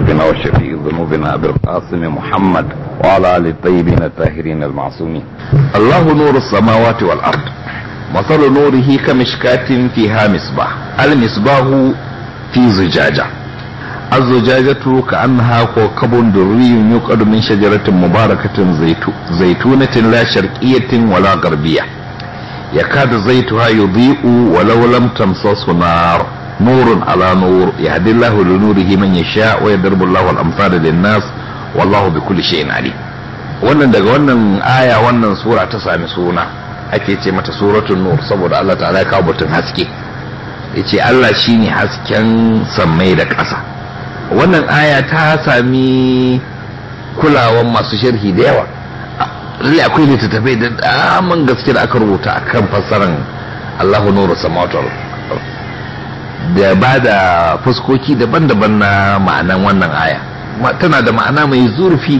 قلوبنا وشفيع ذنوبنا بالقاسم محمد وعلى آل الطيبين الطاهرين المعصومين الله نور السماوات والأرض مثل نوره كمشكاة فيها مصباح المصباح في زجاجة الزجاجة كأنها كوكب دري يقعد من شجرة مباركة زيتو زيتونة لا شرقية ولا غربية يكاد زيتها يضيء ولو لم تمسسه نار نور على نور يهدي الله لنوره من يشاء ويضرب الله الأمثال للناس والله بكل شيء عليم wannan daga wannan aya wannan sura ta sami suna ake ce mata suratul nur saboda Allah ta'ala ya kawo batun haske yace Allah shine hasken sammai da ƙasa wannan aya ta sami kulawan masu sharhi da yawa lalle akwai littattafai da daman gaske da aka rubuta akan fassarar Allahu nuru samawati da ba da fuskoki daban-daban na ma'anan wannan aya tana da ma'ana mai zurfi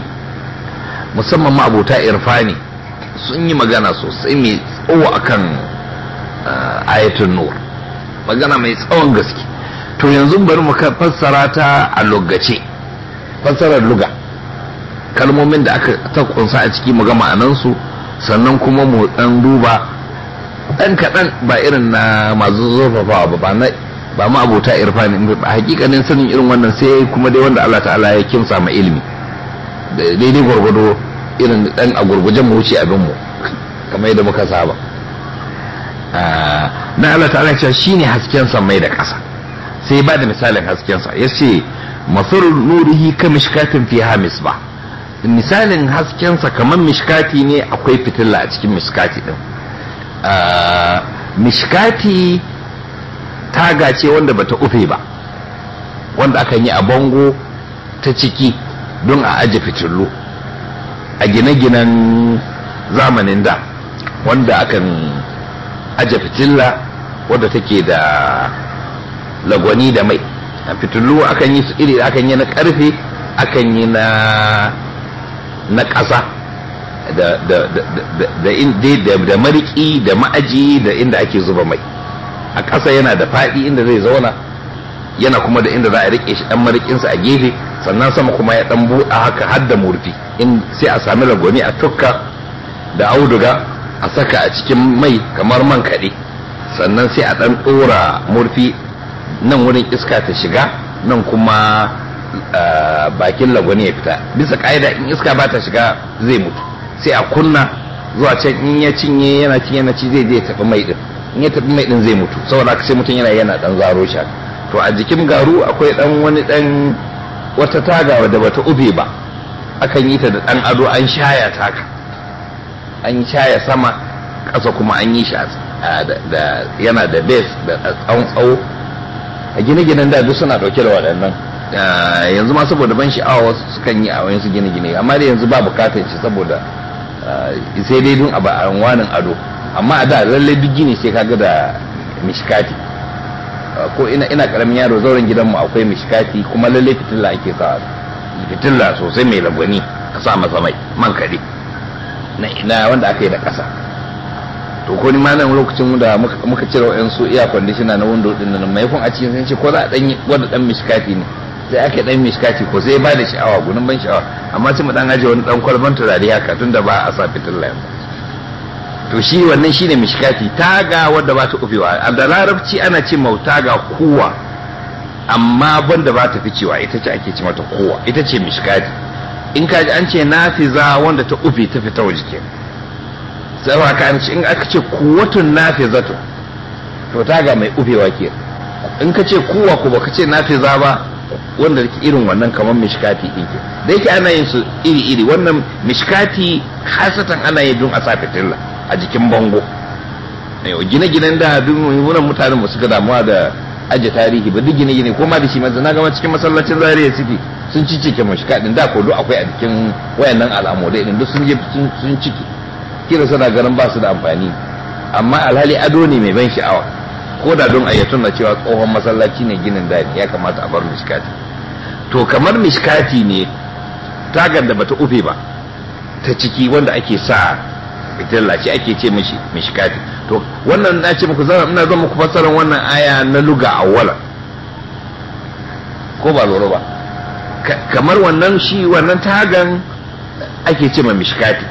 musamman ma ma'abota irfani sun yi magana sosai mai tsawo akan ah, ayatun nur magana mai tsawon gaske to yanzu bari mu fassara ta a lokaci fassarar luga kalmomin da aka ta kunsa a ciki mu ga ma'anansu sannan kuma mu dan duba dan kaɗan ba irin na masu zurfafawa ba na ba mu abota irfani hakikanin sanin irin wannan sai kuma dai wanda Allah ta'ala ya kimsa ma ilimi daidai gwargwado irin dan a gurgujen mu wuce abin mu kamar yadda muka saba ah, na Allah ta'ala ce shine hasken sa mai da ƙasa sai ba da misalin hasken sa yace masarur nurihi ka mishkatin fiha ba misalin hasken sa kamar mishkati ne akwai fitilla a cikin mishkati din ah, mishkati taga ce wanda bata ufe ba wanda akan yi a bango ta ciki don a aje fitilu a gine-ginen zamanin da wanda akan aje fitilla wadda take da lagwani da mai a fitilu akan yi su iri akan yi na karfe akan yi na na ƙasa da da da da da da da ma'aji da inda ake zuba mai a ƙasa yana da faɗi inda zai zauna yana kuma da inda za a riƙe shi ɗan marikinsa a gefe sannan sama kuma ya ɗan buɗa haka har da murfi in sai a sami ragoni a tukka da auduga a saka a cikin mai kamar man kaɗe sannan sai a ɗan ɗora murfi nan wurin iska ta shiga nan kuma bakin lagwani ya fita bisa ƙa'ida in iska ba ta shiga zai mutu sai a kunna zuwa can in ya cinye yana cinye na ci zai je tafi mai ɗin. in ya tafi mai din zai mutu saboda haka sai mutum yana yana dan zaro shi to a jikin garu akwai dan wani dan wata taga da bata ube ba akan yi ta da dan ado an shaya taka an shaya sama ƙasa kuma an yi shi da yana da base da tsawon tsawo a gine-ginen da duk suna dauke da waɗannan yanzu ma saboda ban sha'awa wasu sukan yi a wayansu gine-gine amma da yanzu ba bukatar shi saboda sai dai dun a wanin ado amma a da lallai duk gini sai kaga da mishkati ko ina ina karamin yaro zauren gidanmu akwai mishkati kuma lallai fitilla ake sa fitilla sosai mai labani a sa masa mai man kare na ina wanda aka yi da ƙasa to ko ni ma nan lokacin da muka cire su iya kwandishina na window din nan maimakon a cikin sun ko za a dan wanda dan mishkati ne sai aka dan mishkati ko sai ba da sha'awa gunin ban sha'awa amma sai mu dan aje wani dan kwalban turare haka tunda ba a sa fitilla yanzu to shi wannan shine mishkati taga wadda ba ta kufewa a da larabci ana ce mau taga kuwa amma banda ba ta ficewa ita ce ake ce mata kuwa ita ce mishkati in ka ji an ce nafiza wanda ta ufe ta fita waje ke sai ka an ce in aka ce kuwatun nafizatu to taga mai kufewa ke in ka ce kuwa ko baka ce nafiza ba wanda take irin wannan kamar mishkati din ke da yake ana yin su iri iri wannan mishkati hasatan ana yin don a sa fitilla a jikin bango gine-ginen da dunan mutanen ba su ga damuwa da aje tarihi ba duk gine-gine ko ma da shi maza na gama cikin masallacin zariya suke sun ci cike mashi kaɗin da ko kodo akwai a jikin wayannan da idan duk sun je sun ciki kira suna ganin ba su da amfani amma alhali ado ne mai ban sha'awa ko da don ayyatun na cewa tsohon masallaci ne ginin da ya kamata a bar mishkati to kamar mishkati ne tagar da bata ufe ba ta ciki wanda ake sa fitilla shi ake ce mishi mishkati to wannan na ce muku zama ina zan muku fassarar wannan aya na luga awwala ko ba loro ba kamar wannan shi wannan tagan ake ce ma mishkati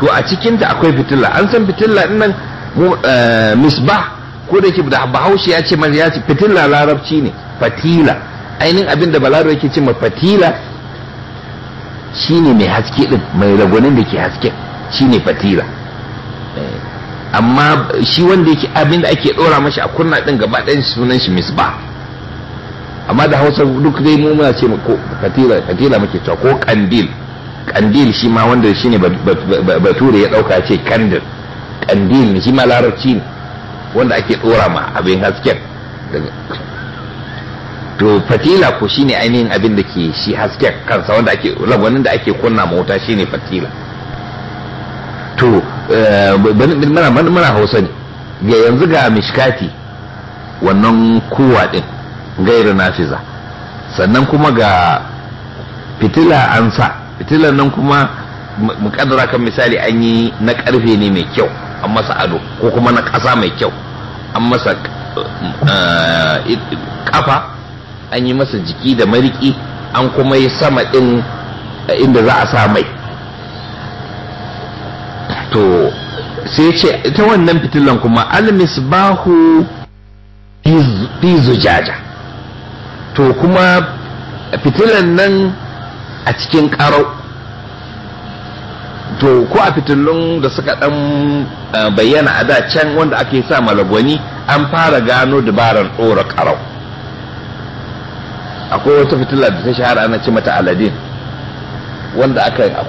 to a cikinta akwai fitilla an san fitilla nan eh, misbah ko da yake da bahaushe ya ce ma ya ce fitilla larabci ne fatila ainihin abin da balaro yake ce ma fatila shine mai haske din mai ragunin da ke hasken Shi ne fatila eh, amma shi wanda yake abin da ake dora mashi a kunna din gaba ɗayan sunan shi misba amma da hausa duk dai mu muna ce ko fatila fatila muke cewa ko kandil kandil shi ma wanda shi ne bature ya ɗauka ce kandil kandil shi ma larabci ne wanda ake dora ma abin hasken to fatila ko shine ainihin abin da ke shi hasken kansa wanda ake rabonin da ake kunna mota shine fatila to eh, muna hausa ne ga yanzu ga mishkati wannan kowa din gairu nafiza sannan kuma ga fitila an sa fitilar nan kuma mukaddara kan misali an yi na karfe ne mai kyau an masa ado ko kuma na ƙasa mai kyau an masa eh, kafa an yi masa jiki da mariki an kuma yi sama din eh, inda za a sa mai to sai ce ita wannan fitilan kuma almisbahu fi zujaja to kuma fitilan nan a cikin karo to ko a fitilun da suka dan eh, bayyana a da can wanda ake sa malagwani an fara gano dabarar tsoron ƙarau. akwai wata fitila da ta shahara ana ci mata aladin wanda aka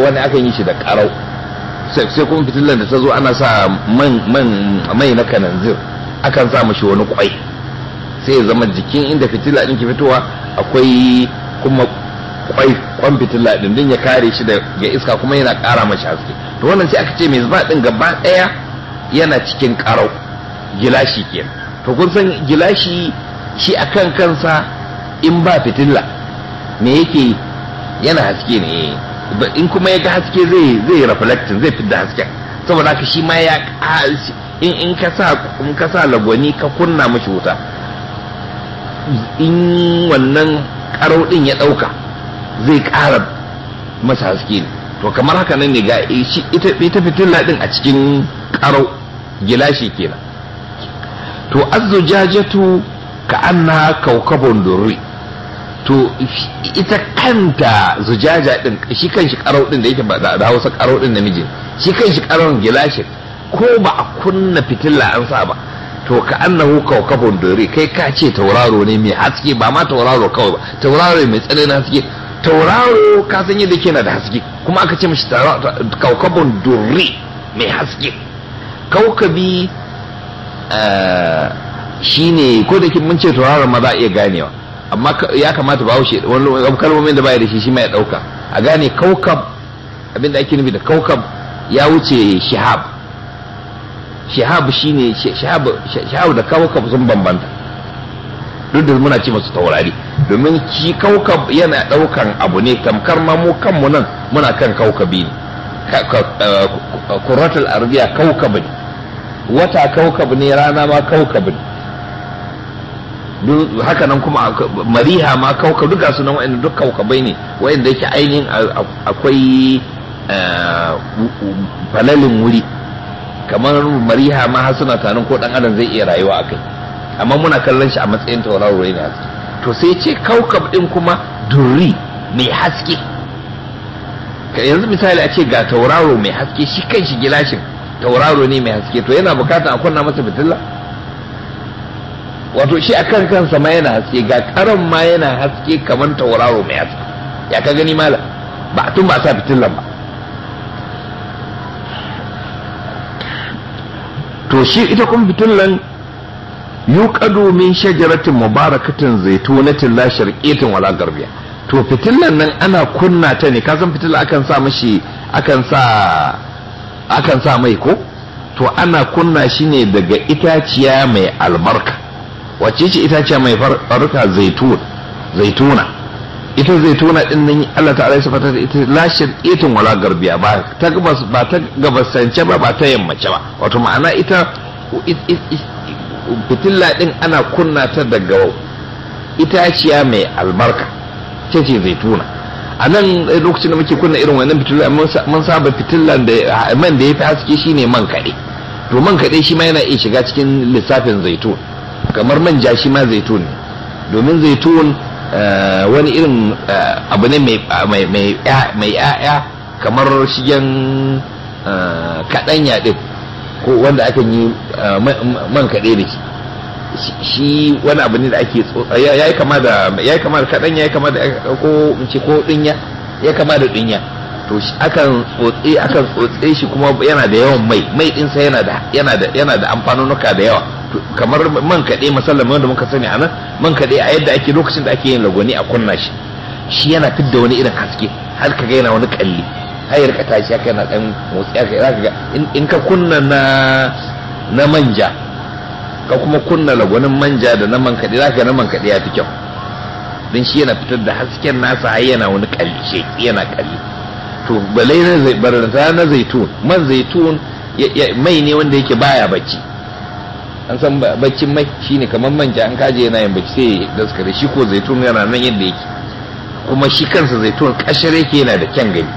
wani akan yi shi da karau sai kuma fitilar da ta zo ana sa mai na kananzir akan sa mashi wani kwai sai ya zama jikin inda fitila ɗin ke fitowa akwai kuma kwai kwan fitila ɗin din ya kare shi daga iska kuma yana ƙara mashi haske to wannan sai aka ce mai zuba ɗin gaba ɗaya yana cikin ƙarau gilashi ke to kun san gilashi shi akan kansa in ba fitila me yake yana haske ne in kuma ya ga haske zai zai reflectin zai da hasken saboda haka shi ma ya in in ka sa in ka sa lagwani ka kunna mishi wuta in wannan karau din ya dauka zai ƙara masa haske to kamar haka nan ne ga shi ita ita fitilla din a cikin karau gilashi kenan to azzujajatu ka annaha kaukabun durri to ita kanta zujaja din shi kan shi karau din da yake ba da hausa karau din miji shi kan shi karau gilashin ko ba a kunna fitilla an sa ba to ka annahu kawkabun dore kai ka ce tauraro ne mai haske ba ma tauraro kawai ba tauraro mai tsananin haske tauraro ka san yadda ke na da haske kuma aka ce mishi kawkabun dore mai haske kawkabi eh, shine ko da mun ce tauraro ma za a iya ganewa amma ya kamata ba haushe wani kalmomin da baya da shi shi ma ya dauka a gane kaukab abinda ake nufi da kaukab ya wuce shihab shihab shine shihab shihab da kaukab sun bambanta duk da muna ce masu taurari domin shi kaukab yana daukan abu ne tamkar ma mu kanmu nan muna kan kaukabi ne kuratul arabiya kaukab ne wata kaukab ne rana ma kaukab ne haka nan kuma mariha ma kauka duka sunan wa'anda duk kaukabai ne wa'anda yake ainihin akwai eh, falalin wuri kamar mariha ma har suna tarin ko dan adam zai iya rayuwa a kai amma muna kallon shi a matsayin tauraro ne to sai ce kaukab din kuma duri mai haske yanzu misali a ce ga tauraro mai haske shi kan shi gilashin tauraro ne mai haske to yana bukatan a kunna masa fitilla wato shi a kan kansa ma yana haske ga karan ma yana haske kamar tauraro mai haske ya ka gani mala ba tun ba sa fitilan ba to shi ita kuma fitilan yuqadu min shajaratin mubarakatin zaitunatin la sharqiyatin wala garbiya to fitilan nan ana kunna ta ne ka san fitila akan sa mishi akan sa akan sa mai ko to ana kunna shi ne daga itaciya mai albarka wacce ce ita ce mai farka zaituna ita zaituna din nan Allah ta'ala ya sifata ita la itin wala garbiya ba ta gabas ba ta gabasance ba ba ta yammace ba wato ma'ana ita fitilla din ana kunna ta daga itaciya mai albarka ce ce zaituna a nan eh, lokacin da muke kunna irin wannan fitilla mun saba fitillan da ah, man da ya fi haske shine man kaɗe to man kaɗe shi ma yana iya shiga cikin lissafin zaitun kamar manja shi ma zaitun domin zaitun eh, wani irin eh, abu ne mai ya'ya kamar shigen eh, kaɗan yaɗin ko wanda aka yi man kaɗe da shi shi wani abu ne da ake ya yi kama da kaɗan ya yi kama da ko ɗinya ya kama da ɗinya to shi akan tsotse akan tsotse shi kuma yana da yawan mai mai din sa yana da yana da yana da amfanonuka da yawa kamar man kaɗe musallamin wanda muka sani anan man kaɗe a yadda ake lokacin da ake yin lagoni a kunna shi shi yana fidda wani irin haske har ka ga yana wani kalli har ya rika tashi haka yana dan motsi haka za ga in ka kunna na na manja ka kuma kunna lagunin manja da na man kaɗe za ga na man kaɗe ya fi kyau don shi yana fitar da hasken nasa har yana wani kalli shi yana kalli to balai na barza na zaitun man zaitun mai ne wanda yake baya bacci an san baccin mai shine kamar manja an kaje yana yin bacci sai daskare shi ko zaitun yana nan yadda yake kuma shi kansa zaitun kashar yake yana da kyan gani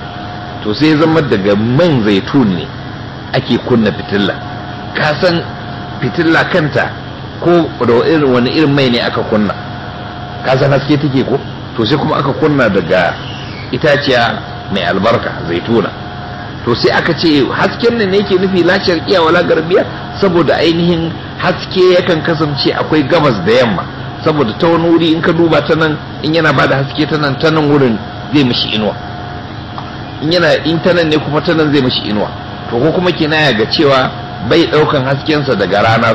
to sai zama daga man zaitun ne ake kunna fitilla ka san fitilla kanta ko da wani irin mai ne aka kunna ka san haske take ko to sai kuma aka kunna daga itaciya mai albarka zaituna to sai aka ce hasken nan yake nufi la sharqiya wala garbiya saboda ainihin haske yakan kasance akwai gabas da yamma saboda ta wani wuri in ka duba ta nan in yana ba da haske ta nan ta nan wurin zai mishi inuwa in yana in ta nan ne kuma ta nan zai mishi inuwa to ko kuma ke naya ga cewa bai daukan haskensa daga rana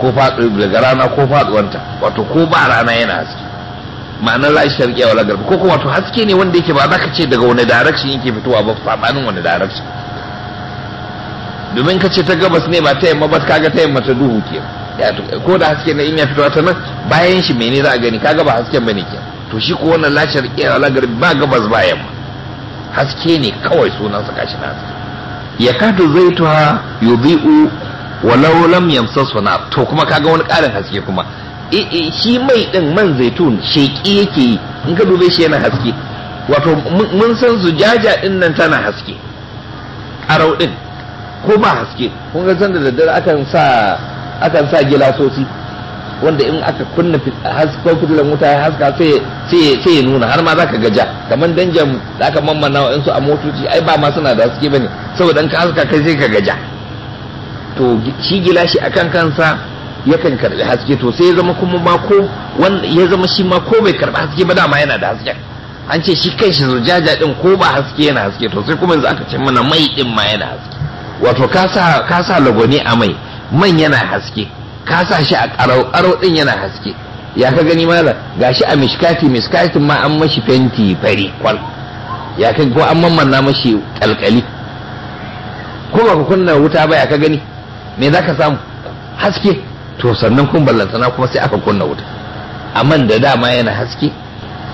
ko daga rana wato ko ba rana yana haske ma'anar la sharqiyya wala garba ko kuma to haske ne wanda yake ba za ka ce daga wani direction yake fitowa ba sabanin wani direction domin ka ce ta gabas ne ba ta yamma ba kaga ta yamma ta duhu ke ko da haske na in ya fito ta nan bayan shi mene za a gani ka ba hasken bane ke to shi ko wannan la sharqiyya wala garbi ba gabas ba yamma haske ne kawai sunan sa kashi na haske ya kadu zaituha yudhi'u walau lam yamsasuna to kuma kaga wani karin haske kuma Eh, eh, shi mai ɗin man zaitun sheƙi yake yi in ka dube shi yana haske wato mun san zujaja din nan tana haske arau din ko ba haske kun ga san da daddare akan sa akan sa gilasosi wanda in aka kunna hasken fitilan wuta ya haska sai ya nuna har ma za ka gaja kamar danjan da aka mammana wa su a motoci ai ba ma suna da haske ba ne, saboda in ka haska kai sai ka gaja to shi gilashi akan kansa yakan karbi haske to sai ya zama kuma ma ko ya zama shi ma ko bai karbi haske ba dama yana da haske. an ce shi kai shi zujaja din ko ba haske yana haske to sai kuma yanzu aka ce mana mai din ma yana haske wato ka sa lagoni a mai man yana haske ka sa shi a karau karau din yana haske ya ka gani mala gashi a miskati miskatin ma an mashi fenti fari kwal ya kan ko an mamanna mashi kalkali ko ba ku kunna wuta ba ya ka gani me za ka samu haske to sannan kun ballanta na kuma sai aka kunna wuta man da dama yana haske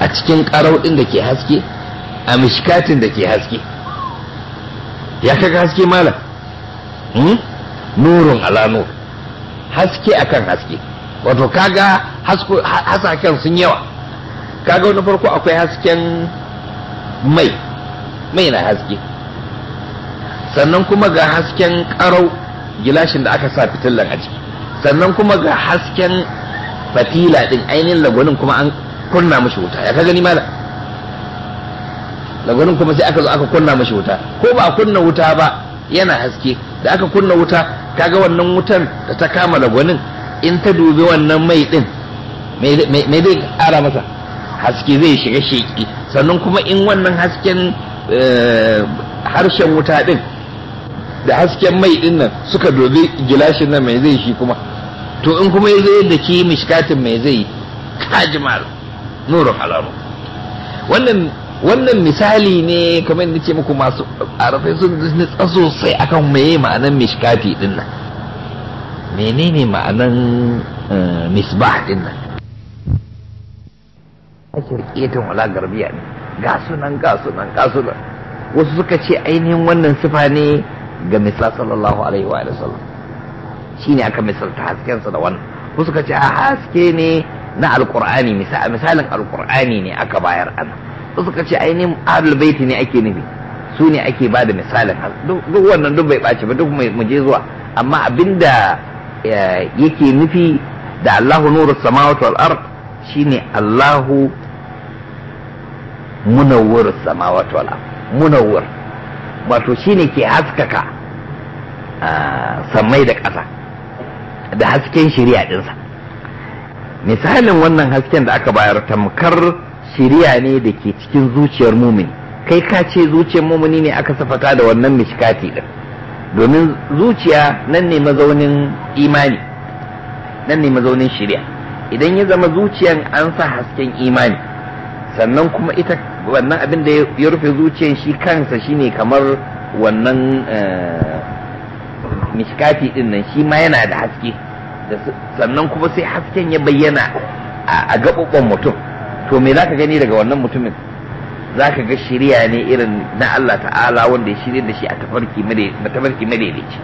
a cikin karau din da ke haske a mishkatin da ke haske ya kaga haske malam hmm? nurun ala nur haske akan haske wato kaga hasaken sun yawa kaga wani farko akwai hasken mai mai na haske sannan kuma ga hasken karau gilashin da aka sa fitillan a ciki sannan kuma ga hasken fatila din ainihin lagunin kuma an kunna mashi wuta ya ka gani mala lagwanin kuma sai aka zo aka kunna mashi wuta ko ba a kunna wuta ba yana haske da aka kunna wuta kaga wannan wutan da ta kama lagwanin in ta dubi wannan mai din mai zai ƙara masa haske zai shiga sheki sannan kuma in wannan hasken eh, harshen wuta din da hasken mai din nan suka dobe gilashin nan mai zai shi kuma to in kuma ya zai yadda ki mishkatin mai zai kajimar nuru halaru wannan wannan misali ne kamar da ce muku masu arafai sun tsaso sosai akan meye ma'anan mishkati din nan menene ma'anan eh, misbah din nan ake riƙetin wala garbiya ne ga sunan ga sunan ga sunan wasu suka ce ainihin wannan sifa ne ga misla sallallahu alaihi wa sallam shine aka misalta hasken sa da wannan wasu suka ce a haske ne na alkur'ani misalin alqur'ani ne aka bayar ana wasu suka ce ainihin ahlul baiti ne ake nufi su ne ake bada misalin duk wannan duk bai ɓaci ba duk mu je zuwa amma abinda yake nufi da Allahu nuru samawati wal ard shine Allahu munawwir samawati wal ard munawwir wato shine ke haskaka ah, samai da ƙasa da hasken shiriya dinsa misalin wannan hasken da aka bayar tamkar shiriya ne da ke cikin zuciyar mumini kai ka ce zuciyar mumini ne aka safata da wannan mishkati din domin zuciya nan ne mazaunin imani nan ne mazaunin shari'a idan ya zama zuciyan an sa hasken imani sannan kuma ita wannan abin da ya rufe zuciyan shi kansa shine kamar wannan eh, mishkati din nan shi ma yana da haske sannan kuma sai hasken ya bayyana a gaɓuɓɓen mutum to me zaka gani daga wannan mutumin zaka ga shirya ne irin na Allah ta'ala wanda ya shirya da shi a tafarki madaidaici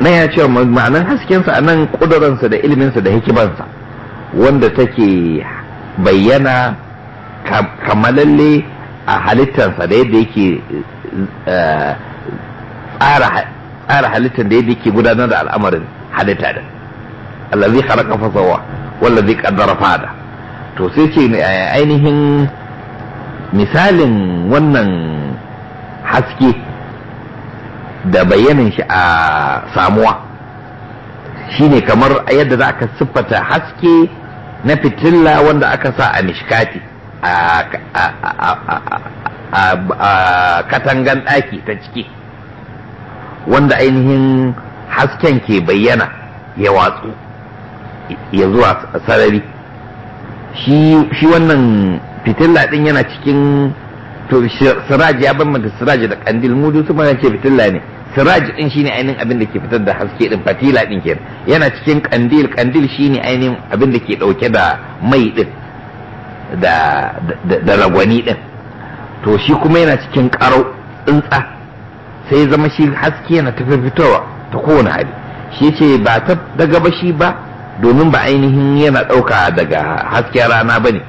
na ya ce ma'anar haskensa a nan ƙudurinsa da iliminsa da hikimansa wanda take bayyana kamalalle a halittarsa da yadda yake eh, tsara tsara halittar da yadda ke gudanar da al'amarin halitta da allazi khalaqa fa sawwa wallazi qaddara fa hada to sai ce eh, ainihin misalin wannan haske da bayanin shi a samuwa shine kamar yadda za ka siffata haske na fitilla wanda aka sa a mishkati a katangan ɗaki ta ciki wanda ainihin hasken ke bayyana ya watsu ya zuwa sarari shi wannan fitilla din yana cikin to siraj ya bambanta siraj da kandil mu su mana ce fitilla ne siraj din shine ainihin abin da ke fitar da haske din fatila din ke yana cikin kandil kandil shine ainihin abin da ke dauke da mai din da da ragwani din to shi kuma yana cikin karau tsuntsa sai zama shi haske na tafi fitowa ta kowane hali shi ce ba ta daga shi ba domin ba ainihin yana ɗauka daga hasken rana ba ne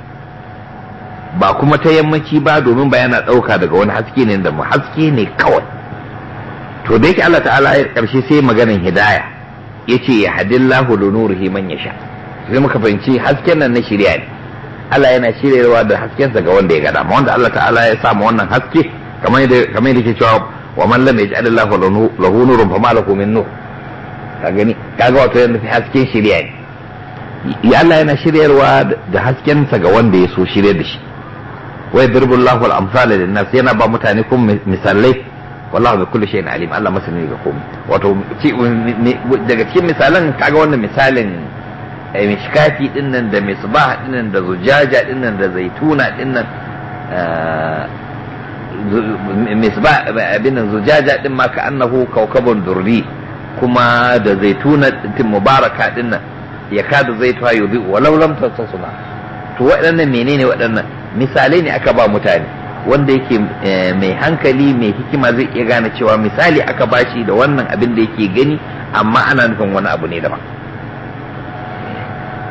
ba kuma ta yammaci ba domin ba yana ɗauka daga wani haske ne da haske ne kawai to da yake Allah ta'ala ya karshe sai maganin hidaya yace ya hadillahu li nurihi man yasha sai muka fahimci hasken nan na shirya ne Allah yana shiryarwa da haskensa ga wanda ya gada Ma wanda Allah ta'ala ya sa wannan haske kamar yadda kamar yadda yake cewa wa man lam yaj'al Allah lahu nurun fama lahu min nur ka gani kaga wato yana fi hasken shirya ne ya Allah yana shiryarwa da hasken sa ga wanda ya so shirya da shi wa yadribu Allah al-amsal lin-nas yana ba mutane kun misalai wallahi bi kulli shay'in alim Allah masani ga komai wato daga cikin misalan kaga wannan misalin eh, mishkati din nan da misbah din nan da zujaja din nan da zaituna din nan eh, misba abin zujaja din ma ka annahu kaukabun durri kuma da zaituna din mubaraka din nan ya kada zaitwa yubi walau lam tasasuma to waɗannan menene waɗannan misalai ne aka ba mutane wanda yake eh, mai hankali mai hikima zai iya gane cewa misali aka bashi da wannan abin da yake gani amma ana nufin wani abu ne daban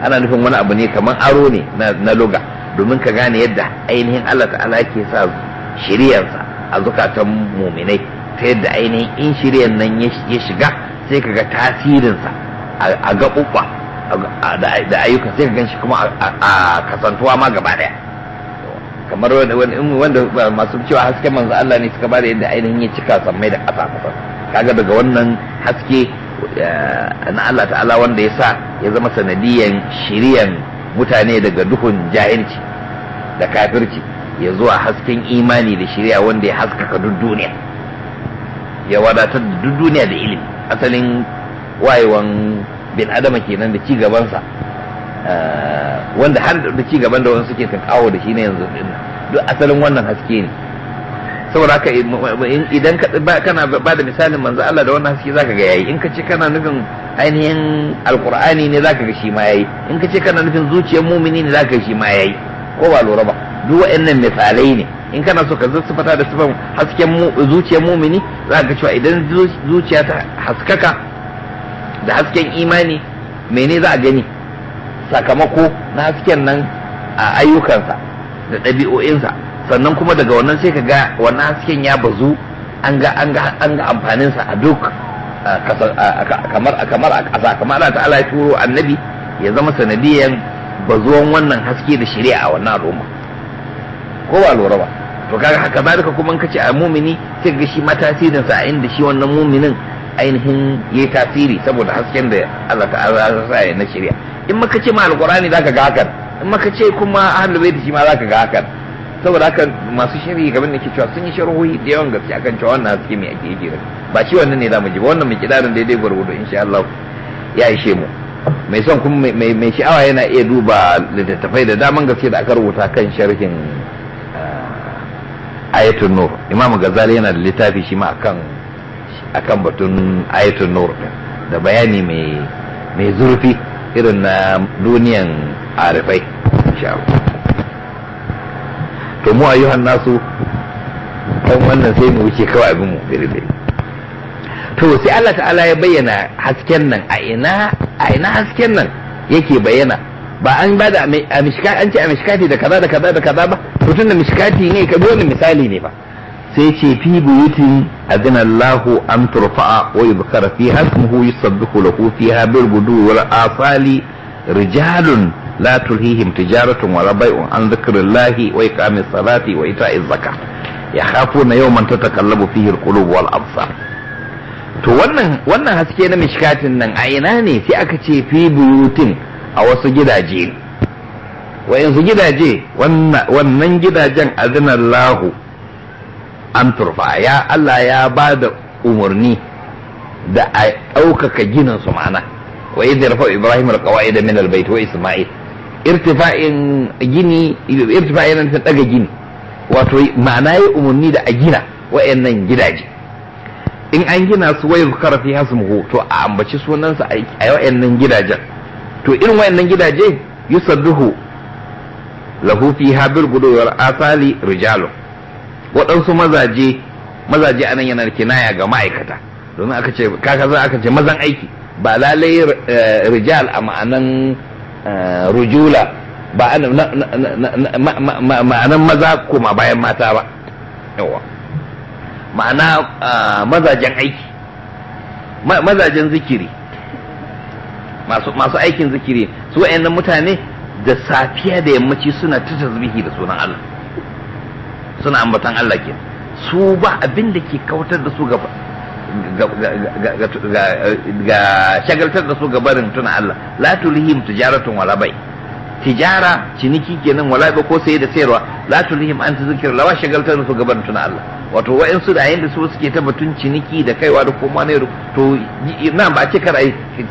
ana nufin wani abu ne kamar aro ne na loga domin ka gane yadda ainihin Allah ta'ala ke sa shiriyarsa a zukatan muminai ta yadda ainihin in shiriyar nan ya shiga sai ka ga tasirinsa a gaɓuɓɓa da ayyuka sai ka ganshi kuma a kasantuwa ma gaba ɗaya kamar wanda masu cewa hasken manzo Allah ne suka bada yadda ainihin ya cika sammai da ƙasa kusan kaga daga wannan haske na Allah ta'ala wanda ya sa ya zama sanadiyan shiryan mutane daga duhun jahilci da kafirci ya zo a hasken imani da shirya wanda ya haskaka duk duniya ya wadatar da duk duniya da ilimi asalin wayewan bin adama kenan da ci gabansa eh, wanda har da ci gaban da wani suke kan kawo da shi ne yanzu din duk asalin wannan haske ne saboda haka idan kana ba da misalin manzo Allah da wannan haske zaka ga yayi in ka ce kana nufin ainihin alqur'ani ne zaka ga shi ma yayi in ka ce kana nufin zuciyar mumini ne zaka ga shi ma yayi ko ba lura ba duk waɗannan misalai ne in kana so ka fata da sifan hasken zuciyar mumini za ka cewa idan zuciya ta haskaka da hasken imani mene za a gani sakamako na hasken nan a ayyukansa da ɗabi'o'insa sannan kuma daga wannan sai ka ga wannan hasken ya bazu an ga amfaninsa a duk kamar a ƙasa kamar Allah ta'ala ya turo annabi ya zama sanadiyan bazuwan wannan haske da shari'a a wannan al'umma ko ba lura ba to kaga haka duka kuma kace a mumini sai ga shi ma tasirin a inda shi wannan muminin ainihin yayi tasiri saboda hasken da Allah ta'ala sa ya na shirya. in maka ce ma alqur'ani zaka ga hakan in maka ce kuma ahlul bait shi ma zaka ga hakan saboda haka masu shiri gaban da ke cewa sun yi sharhohi da yawan gaske akan cewa wannan haske mai ake yi ba shi wannan ne zamu ji ba wannan mai kidarin daidai gwargwado insha Allah ya ishe mu mai son kuma mai sha'awa yana iya duba littattafai da daman gaske da aka rubuta kan sharhin ayatul nur imam gazali yana da littafi shi ma akan akan batun ayatul nur da bayani mai mai zurfi irin na duniyan arifai to mu ayyuhan nasu kan wannan sai mu wuce kawai abin mu daidai to sai Allah ta'ala ya bayyana hasken nan a ina a ina hasken nan yake bayyana ba an bada a mishka an ce a mishkati da kaza da kaza da kaza ba mutum da miskati ne ka dole misali ne ba sai ce fi buyutin azina Allahu an turfa'a wa yuzkara fi hasmuhu yusabbihu lahu fiha bil gudu wal asali rijalun la tulhihim tijaratun wala bai'un an dhikrillahi wa iqamis salati wa ita'iz zakat na yawman tatakallabu fihi al qulub wal absar to wannan wannan haske na mishkatin nan a ina ne sai aka ce fi buyutin a wasu gidaje Wa'yansu gidaje wannan gidajen azinan lahu an turfa ya Allah ya ba da umarni da a ɗaukaka ginin su ma'ana wa yi yarfa ibrahim da minal bai wa isma'il irtifa'in gini irtifa'in ta daga gini wato ma'ana ya umarni da a gina wayannan gidaje in an gina su wai zukara fi hasmuhu to a ambaci sunansa a wayannan gidajen to irin wayannan gidaje yusadduhu lahu fi habir guduwar asali rijalu waɗansu mazaje mazaje anan yana kinaya ga ma'aikata domin aka ce kaka za aka ce mazan aiki ba lalai eh, rijal a ma'anan eh, rujula ba ma'anan maza kuma bayan mata ba yawa ma'ana eh, mazajen aiki mazajen zikiri masu aikin zikiri su wa'annan mutane da safiya da yammaci suna ta tasbihi da sunan Allah suna ambatan Allah ke su ba abin da ke kautar da su ga ga shagaltar da su ga barin tuna Allah la tulihim tijaratun wala bai tijara ciniki kenan wala bai ko sai da sayarwa la tulihim an tazkir lawa shagaltar da su ga barin tuna Allah wato su da yayin da su suke ta batun ciniki da kaiwa da koma ne to na ba ce kar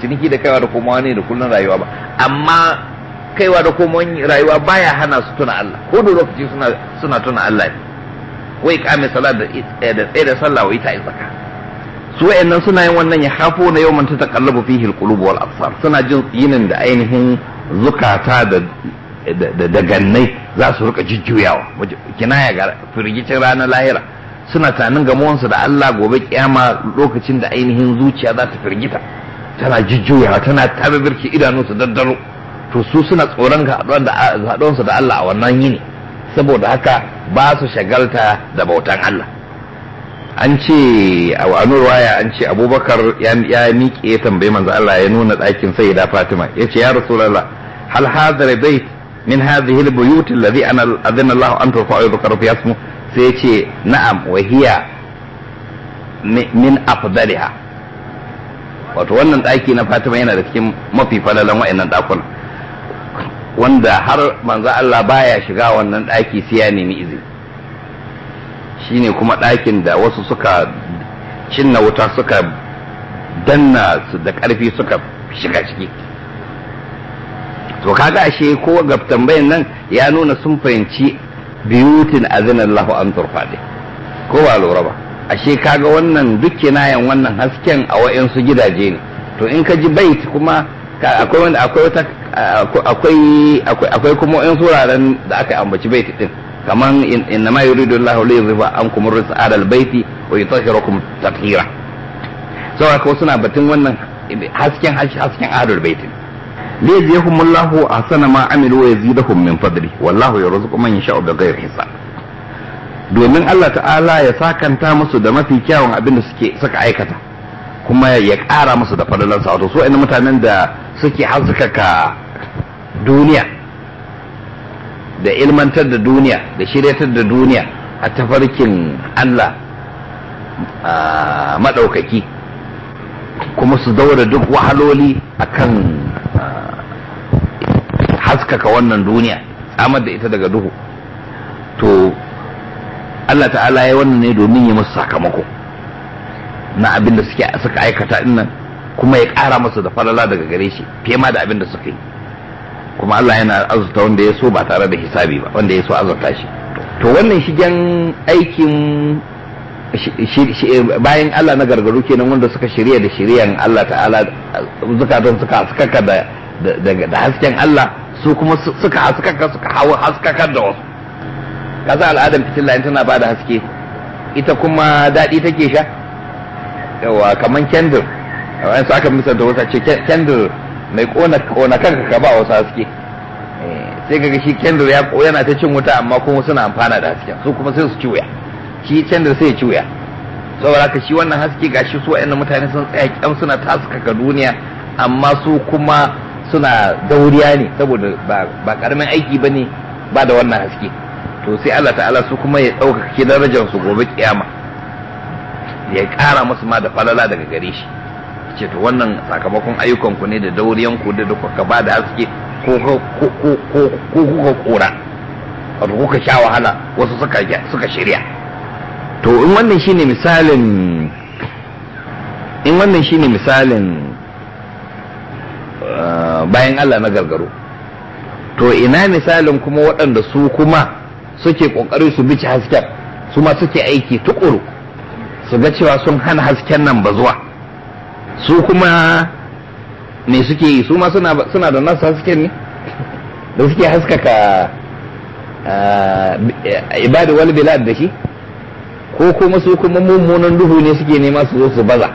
ciniki da kaiwa da koma ne da kullun rayuwa ba amma kaiwa da komon rayuwa baya hana su tuna Allah ko da lokaci suna suna tuna Allah ne wai kame salat da eh, da tsaye da sallah wai ta zakka su wayannan suna yin wannan ya hafo na yawman ta taqallabu fihi alqulub wal absar suna jin yinin da ainihin zukata da da dagannai za su rika jujjuyawa kinaya ga firgicin ranar lahira suna tanin gamuwansu da Allah gobe kiyama lokacin da ainihin zuciya za ta firgita tana jujjuyawa tana tabirki idanunsu daddalo to su suna tsoron haɗuwansu da Allah a wannan yini saboda haka ba su shagalta da bautan Allah an ce a wani ruwaya an ce abubakar ya miƙe ya tambayi manzo Allah ya nuna ɗakin sai da fatima ya ce ya rasulallah hal hadar bait min hadhihi albuyut alladhi ana adana Allah an turfa abubakar fi yasmu sai ya ce na'am wa hiya min afdaliha wato wannan ɗaki na fatima yana da cikin mafi falalan wa'annan ɗakuna wanda har manzo Allah baya shiga wannan ɗaki sai ya nemi izini shine kuma ɗakin da wasu suka cinna wuta suka danna su da ƙarfi suka shiga ciki to kaga ashe ko ga tambayan nan ya nuna sun fahimci biyutin azinallahu an turfade ko ba lura ba ashe kaga wannan duk wannan hasken a wa'insu gidaje ne to in ka ji bait kuma akwai wanda akwai wata akwai akwai kuma in suraren da aka ambaci baiti din kaman ma yuridu Allahu li yuzhiba ankum ar-rijsa al-baiti wa yutahhirakum tatheera so ko suna batun wannan hasken hasken ahlul baiti li yuzhikum Allahu ahsana ma amilu wa yazidahum min fadli wallahu yarzuqu man yasha'u bighayri hisab domin Allah ta'ala ya sakanta musu da mafi kyawun abin da suke suka aikata kuma ya ƙara musu da fadalansa wato su ina mutanen da suke haskaka duniya da ilmantar da duniya da shiryatar da duniya a tafarkin Allah maɗaukaki kuma su daura duk wahaloli akan haskaka wannan duniya tsamar da ita daga duhu to Allah ta'ala ya wannan ne domin yi masu sakamako na abin da suke suka aikata din nan kuma ya ƙara masa da falala daga gare shi fiye ma da abin da suka yi kuma Allah yana azurta wanda ya so ba tare da hisabi ba wanda ya so azurta shi to wannan shigen aikin bayan Allah na gargaru kenan wanda suka shirya da shiryan Allah ta'ala zukatan suka haskaka da da hasken Allah su kuma suka haskaka suka hawa haskakar da wasu kaza al'adar fitilla tana ba da haske ita kuma daɗi take sha yawa kaman kendir wani su aka da wasa ce kendir mai kona kanka ka ba wasu haske eh, sai ga shi kendir ya yana ta cin wuta amma kuma suna amfana da hasken su kuma sai su ci wuya shi kendir sai ya ci wuya saboda haka shi wannan haske gashi su wa'annan mutane sun tsaya kyan suna kaka duniya amma su kuma suna dauriya ne saboda ba karamin aiki ba ne ba da wannan haske to sai Allah ta'ala su kuma ya ɗaukaka darajar su gobe kiyama ya ƙara musu ma da falala daga gare shi ce to wannan sakamakon ayyukanku ne da dauriyan ku da kuka ba da haske ko kuka kora wato kuka sha wahala wasu suka shirya to in wannan shine misalin in wannan shine misalin ah, bayan Allah na gargaro to ina misalin kuma waɗanda su kuma suke ƙoƙari su bici hasken su ma suke aiki tukuru su ga cewa sun hana hasken nan bazuwa su kuma me suke yi su ma suna da nasu hasken ne da suke haskaka eh, eh, ibadu wal bilad da shi ko kuma su kuma mummunan duhu ne suke nema su zo su baza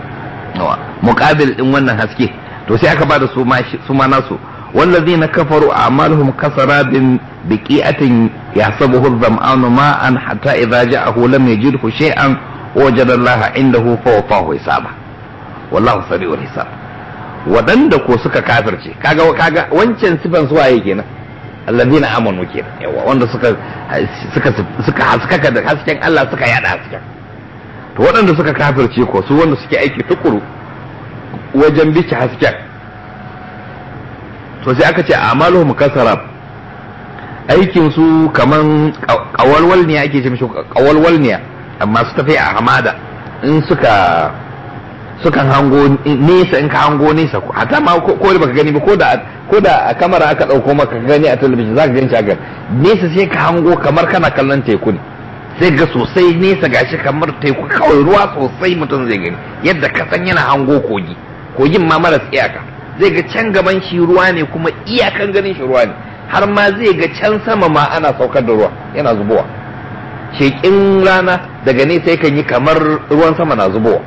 muqabil din wannan haske to sai aka bada su ma su ma nasu والذين كفروا أعمالهم كسراب بقيئة يحسبه الظمآن ma'an hatta idza ja'ahu lam yajidhu shay'an wajen Allah inda hufa wa fahu hisaba wallahu sari'ul hisab waɗanda ko suka kafirce kaga kaga wancan sifan su yake kenan alladina amanu kenan yawa wanda suka suka suka haskaka da hasken Allah suka yada hasken to waɗanda suka kafirce ko su wanda suke aiki tukuru wajen bice hasken to sai aka ce amaluhum kasara aikin su kaman kawalwalniya ake ce mishi ne amma su tafi a hamada in suka sukan hango nesa in ka hango nesa hata ma ko da baka gani ba ko da a kamera aka dauko maka gani a talabijin zaka gani shi nesa sai ka hango kamar kana kallon teku ne sai ga sosai nesa gashi kamar teku kawai ruwa sosai mutum zai gani yadda ka san yana hango kogi kogin ma maras iyaka zai ga can gaban shi ruwa ne kuma iyakan ganin shi ruwa ne har ma zai ga can sama ma ana saukar da ruwa yana zubowa sheƙin rana daga nesa yakan yi kamar ruwan sama na zubowa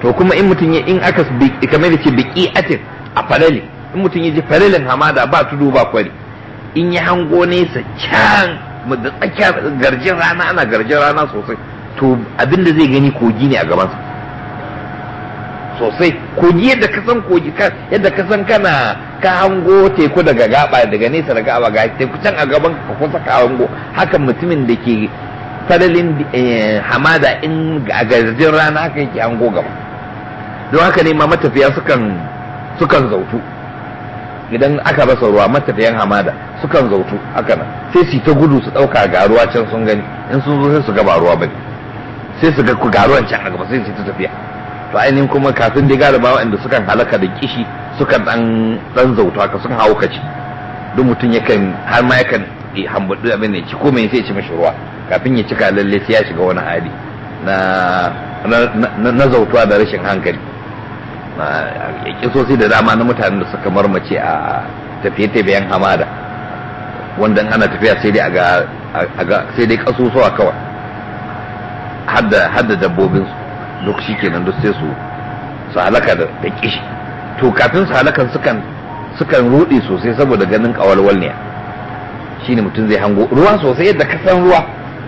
to kuma in mutum ya in aka kamar da ce biki atin a falali in mutum ya ji falalin hamada ba tudu ba kwari in ya hango nesa can da tsakiyar garjin rana ana garjin rana sosai to abin da zai gani kogi ne a gabansa sosai kogi yadda ka san kogi yadda ka san kana ka hango teku daga gaba daga nesa daga gaba ga teku can a gaban ka kusa ka hango hakan mutumin da ke sararin eh, hamada in a garjin rana aka yake goga gaba don haka ne ma matafiya sukan zautu idan aka rasa ruwa matafiyan hamada sukan zautu haka nan sai su ta gudu su ɗauka ga ruwa can sun gani in sun zo sai su gaba ruwa ba sai su ga ga ruwan can a gaba sai su ta tafiya to ainihin kuma kafin da gara bawa inda sukan halaka da kishi sukan dan dan zautu haka sun kaci duk mutum yakan har ma yakan eh, hambudu abin da ya ci ko me sai ya ci mashi ruwa kafin ya cika lalle sai ya shiga wani hali na zautuwa da rashin hankali kisosi da dama na mutanen da suka marmace a tafiye-tafiyen hamada wanda ana tafiya sai dai a sai dai kasusuwa kawai hadda su duk shi kenan duk sai su su halaka da kishi to kafin su halakan sukan sukan rudi sosai saboda ganin kawalwal ne shine mutum zai hango ruwa sosai yadda kasan ruwa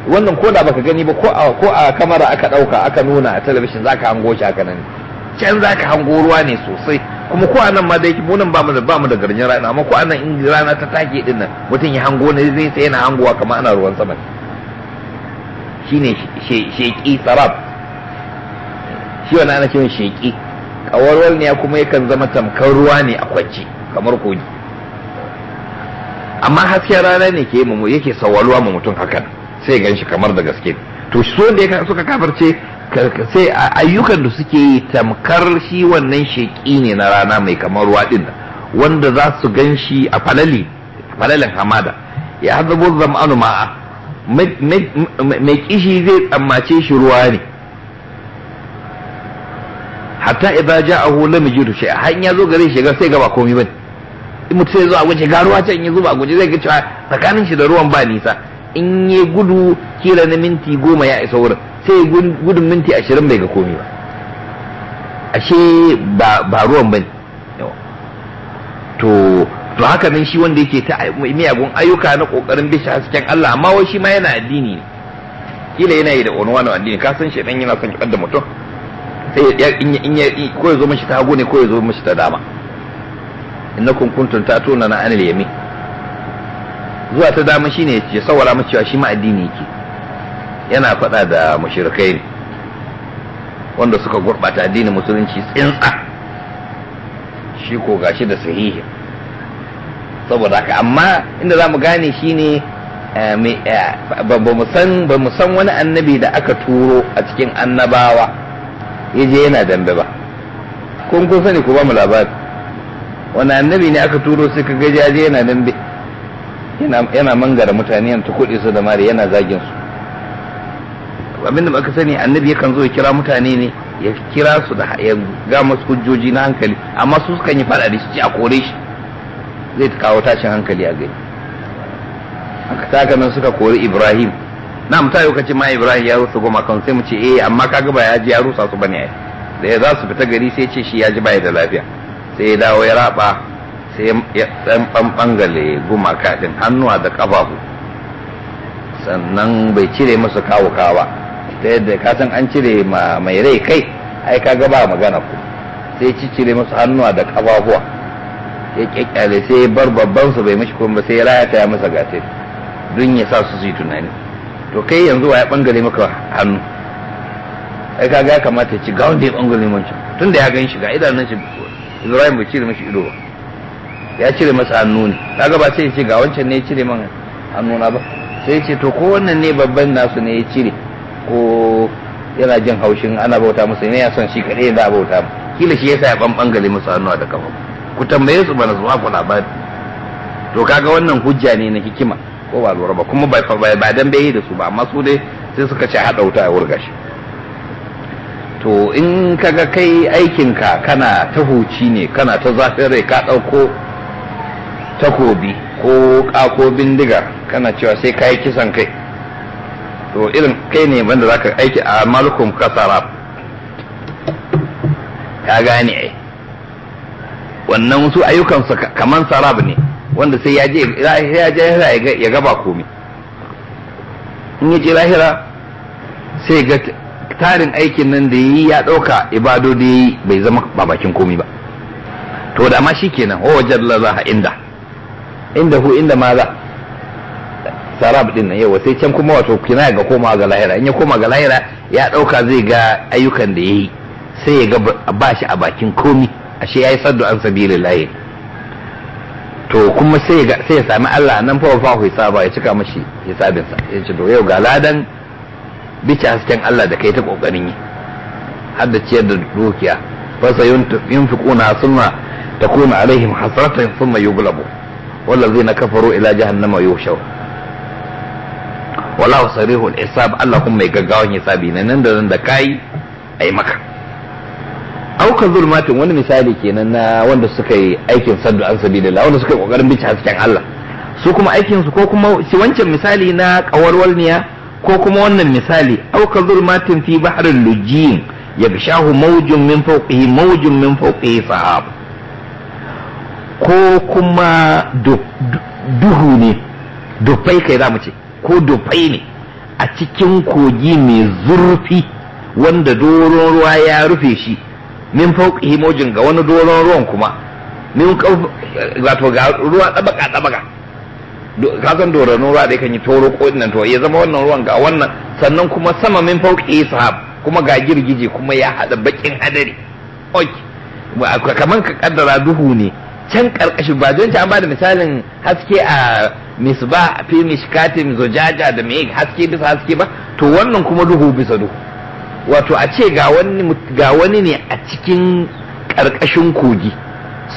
wannan ko da baka gani ba ko a ko a kamera aka dauka aka nuna a talabishin zaka hango shi haka nan can zaka hango ruwa ne sosai kuma ko anan ma da yake munan ba mu da ba mu da garin rana amma ko anan in rana ta take din nan mutum ya hango ne zai sai yana hangowa kamar ana ruwan sama shine sheki sarab shi wannan ana cewa sheki kawarwal ne kuma yakan zama tamkar ruwa ne a kwance kamar kogi amma hasken rana ne ke yake sawalwa mu mutum hakan sai gan shi kamar da gaske to so da ya suka kafarce sai ayyukan da suke yi tamkar shi wannan sheƙi ne na rana mai kamar ruwa din wanda za su gan shi a falali falalin hamada ya zama zam'anu ma'a mai kishi zai tsammace shi ruwa ne hatta idza ja'ahu lam yajidu shi a ya zo gare shi ga sai gaba komai bane in mutum sai zo a guje ga ruwa can ya zuba a guje zai ga cewa tsakanin shi da ruwan ba nisa in yi gudu kila na minti goma ya isa wurin sai gudun minti ashirin bai ga komi ba ashe ba ruwan bane to to haka nan shi wanda yake ta miyagun ayyuka na kokarin bishi hasken Allah amma wai shi ma yana addini ne kila yana yi da wani na addini ka san shedan yana son kiɗan da mutum sai in ya ko ya zo mashi ta hagu ne ko ya zo mashi ta dama innakum kuntum tona na anil yamin zuwa ta dama shine ya sawara mu cewa shi ma addini yake yana faɗa da mushrikai ne wanda suka gurɓata addinin musulunci tsintsa shi ko gashi da sahihi saboda haka amma inda za mu gane shi ne, eh, eh, ba mu san wani annabi da aka turo a cikin annabawa yaje yana dambe ba kun kun sani ko ba mu labari wani annabi ne aka turo sai ka gaji yana dambe yana mangara mutane yanta kuɗi su da mari yana zagin su abin da baka sani annabi yakan zo ya kira mutane ne ya kira su da ya ga masu hujjoji na hankali amma su kan yi fada da shi a kore shi zai kawo tashin hankali a gari haka ta nan suka kori ibrahim na mutane yau kace ma ibrahim ya rusa goma kan sai mu ce eh amma kaga ba ya ji ya rusa su bane ai da ya za su fita gari sai ce shi ya ji baya da lafiya sai ya dawo ya raba sai ya ɗan ɓanɓangale gumaka ɗin hannuwa da ƙafafu sannan bai cire masa kawuka ba ta yadda ka san an cire ma mai rai kai ai ka gaba magana ku sai ci cire masu hannuwa da ƙafafuwa ya kyakkyale sai ya bar babban su bai mishi kuma sai ya rayata ya masa gatir don ya sa su su yi tunani to kai yanzu wa ya ɓangare maka hannu ai ka ga ya kamata ci gawon da ya ɓangare mun tun da ya gan shi ga idanun shi Ibrahim bai cire mishi ido ba ya cire masa hannu ne kaga ba sai ya ce ga wancan ne ya cire man hannu na ba sai ya ce to ko wannan ne babban nasu ne ya cire ko yana jin haushin ana bauta masa ne ya son shi kaɗai da bauta mu kila shi yasa ya bambangale masa hannu da kafa ku tambaye su bana su ba ku labari to kaga wannan hujja ne na hikima ko ba lura ba kuma ba ba dan bai da su ba amma su dai sai suka ce haɗa wuta ya wurga shi to in kaga kai aikinka kana ta huci ne kana ta zafin rai ka ɗauko takobi ko ko bindiga kana cewa sai ka yi kisan kai to irin kai ne wanda za ka aiki a malukum kasara ya gane ai wannan wasu ayyukansa kaman sarab ne wanda sai ya je lahira ya gaba komi in ya je lahira sai ga tarin aikin nan da yi ya ɗauka ibado da yi bai zama babakin komi ba to da ma shi kenan wajen lazaha inda inda hu inda maza sarab din nan yawa sai can kuma wato kina ga koma ga lahira in ya koma ga lahira ya dauka zai ga ayyukan da yayi sai ya ga ba shi a bakin komi ashe yayi saddu an sabilillahi to kuma sai ya sai ya sami Allah nan fa fa hisaba ya cika mashi hisabinsa ya ce to yau ga ladan bice hasken Allah da kai ta kokarin yi har da ciyar da dukiya fa yunfiquna summa takuna alaihim hasratan summa yughlabu والذين كفروا إلى جهنم يوشوا wallahu sarihul isab Allah kuma mai gaggawan hisabi na nan da nan da kai ai maka auka zulmatin wani misali kenan na wanda suka yi aikin saddu an sabilillah wanda suka yi kokarin bice hasken Allah su kuma aikin su ko kuma shi wancan misali na niya ko kuma wannan misali auka zulmatin fi bahril lujin yabshahu mawjun min fawqihi mawjun min fawqihi sahab ko kuma duhu ne dufai kai za mu ce ko dufai ne a cikin kogi mai zurfi wanda doron ruwa ya rufe shi min fauƙi himojin ga wani doron ruwan kuma min wato ga ruwa tsabaka tsabaka ka san doron ruwa da yakan yi toro ko nan to ya zama wannan ruwan ga wannan sannan kuma sama min fauƙi sahab kuma ga girgije kuma ya haɗa bakin hadari kamar ka kaddara duhu ne can karkashin ba don an ba da misalin haske a misba fi mishkati zujaja da mai haske bisa haske ba to wannan kuma duhu bisa duhu wato a ce ga wani ne a cikin karkashin kogi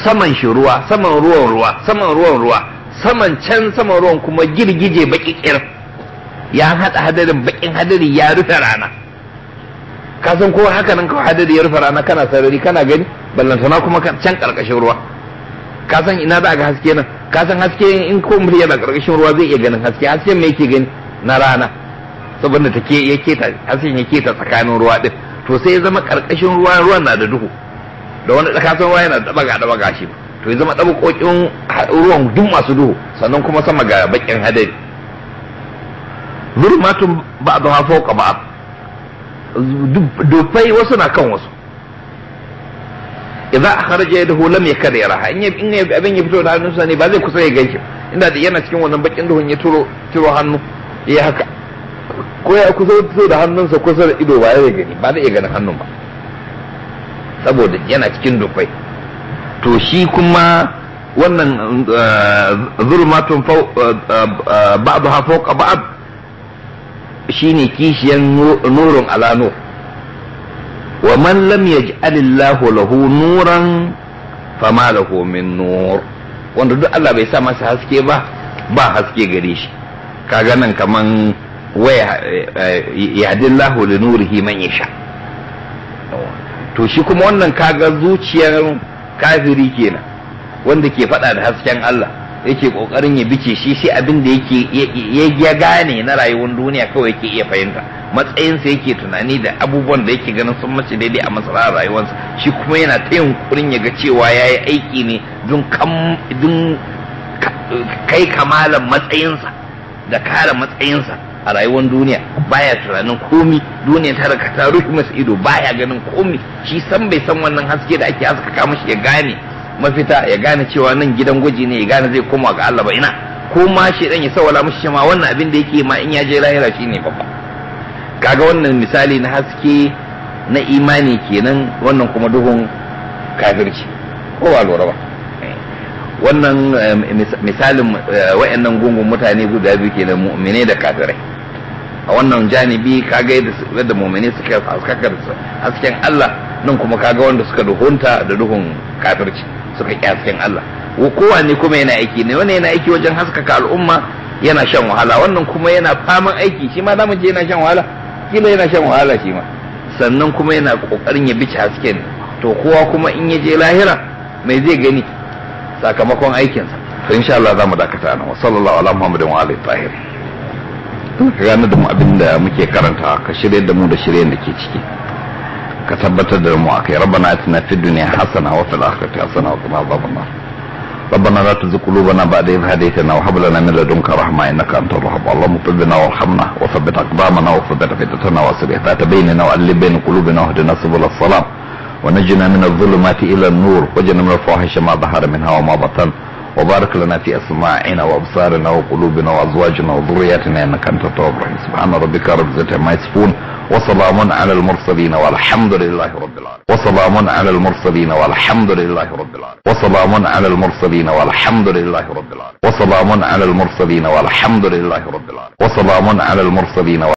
saman shi ruwa saman ruwan ruwa saman ruwan ruwa saman can saman ruwan kuma girgije baki kir ya haɗa hadarin bakin hadari ya rufe rana kasan ko haka nan kawai hadari ya rufe rana kana sarari kana gani ballantana kuma can karkashin ruwa ka san ina za ga haske nan ka san haske in ko mutum yana karkashin ruwa zai iya ganin haske hasken me yake gani na rana saboda take yake ta hasken yake ta tsakanin ruwa din to sai ya zama karkashin ruwa ruwan na da duhu da wani kasan ruwa yana da dabaga dabaga shi to ya zama kokin ruwan duk masu duhu sannan kuma sama ga bakin hadari zulumatun ba'daha fawqa ba'd dufai wasu na kan wasu idza akhraja yadahu lam yakad raha, in in abin ya fito da hannunsa ne ba zai kusa ya ganki inda da yana cikin wannan bakin duhun ya turo turo hannu ya haka ko ya kusa fito da hannunsa kusa da ido ba zai gani ba zai iya ganin hannun ba saboda yana cikin dufai to shi kuma wannan eh, zulmatun eh, eh, ba'daha fawqa ba'd shine kishiyan nurun ala nur wa man lam yaj'alillahu lahu nuran ma lahu min nur wanda duk Allah bai sa masa haske ba ba haske gare shi kaga nan kaman waya eh, eh, yahdillahu li nurihi man yasha to shi kuma wannan kaga zuciyar kafiri kenan wanda ke fada da hasken Allah yake kokarin ya bice shi sai abin da yake ya gane na rayuwar duniya kawai yake iya fahimta matsayinsa yake tunani da abubuwan da yake ganin sun mace daidai a masara rayuwarsa shi kuma yana ta kurin ya ga cewa ya yi aiki ne don kai kamalan matsayinsa da kare matsayinsa a rayuwar duniya baya tunanin komi duniya ta raka ta rufe masa ido baya ganin komi shi san bai san wannan haske da ake haskaka mashi ya gane mafita ya gane cewa nan gidan gwaji ne ya gane zai koma ga Allah ba ina ko ma dan ya sawala mishi cewa wannan abin da yake ma in ya je lahira shine babba kaga wannan misali na haske na imani kenan wannan kuma duhun kafirci ko ba lura ba wannan eh, misalin eh, wayannan gungun mutane guda biyu kenan mu'mine da kafirai a wannan janibi kaga yadda mu'mine suka haskakar hasken Allah nan kuma kaga wanda suka duhunta da duhun kafirci suka hasken Allah kowanne kuma yana aiki ne wani yana aiki wajen haskaka al'umma yana shan wahala wannan kuma yana faman aiki shi ma zamu je yana shan wahala kila yana shan wahala shi ma sannan kuma yana kokarin ya bici hasken to kowa kuma in ya je lahira mai zai gani sakamakon aikinsa to insha Allah zamu dakata nan sallallahu ala muhammadin wa alihi tahir to ka gane da mu abinda muke karanta ka shirye da mu da shiryen da ke ciki ka tabbatar da يا ربنا اتنا في الدنيا حسنه وفي الاخره حسنه وقنا عذاب النار ربنا لا تزغ قلوبنا بعد إذ هديتنا وهب لنا من لدنك رحمة إنك أنت الوهاب اللهم اغفر لنا وارحمنا وثبت أقدامنا وثبت فتنتنا وأصلح ذات بيننا وألف بين قلوبنا واهدنا سبل الصلاه ونجنا من الظلمات إلى النور وجنا من الفواحش ما ظهر منها وما بطن وبارك لنا في أسماعنا وأبصارنا وقلوبنا وأزواجنا وذرياتنا إنك أنت التواب الرحيم سبحان ربك رب العزة عما يصفون وسلام على المرسلين والحمد لله رب العالمين وسلام على المرسلين والحمد لله رب العالمين وسلام على المرسلين والحمد لله رب العالمين وسلام على المرسلين والحمد لله رب العالمين وسلام على المرسلين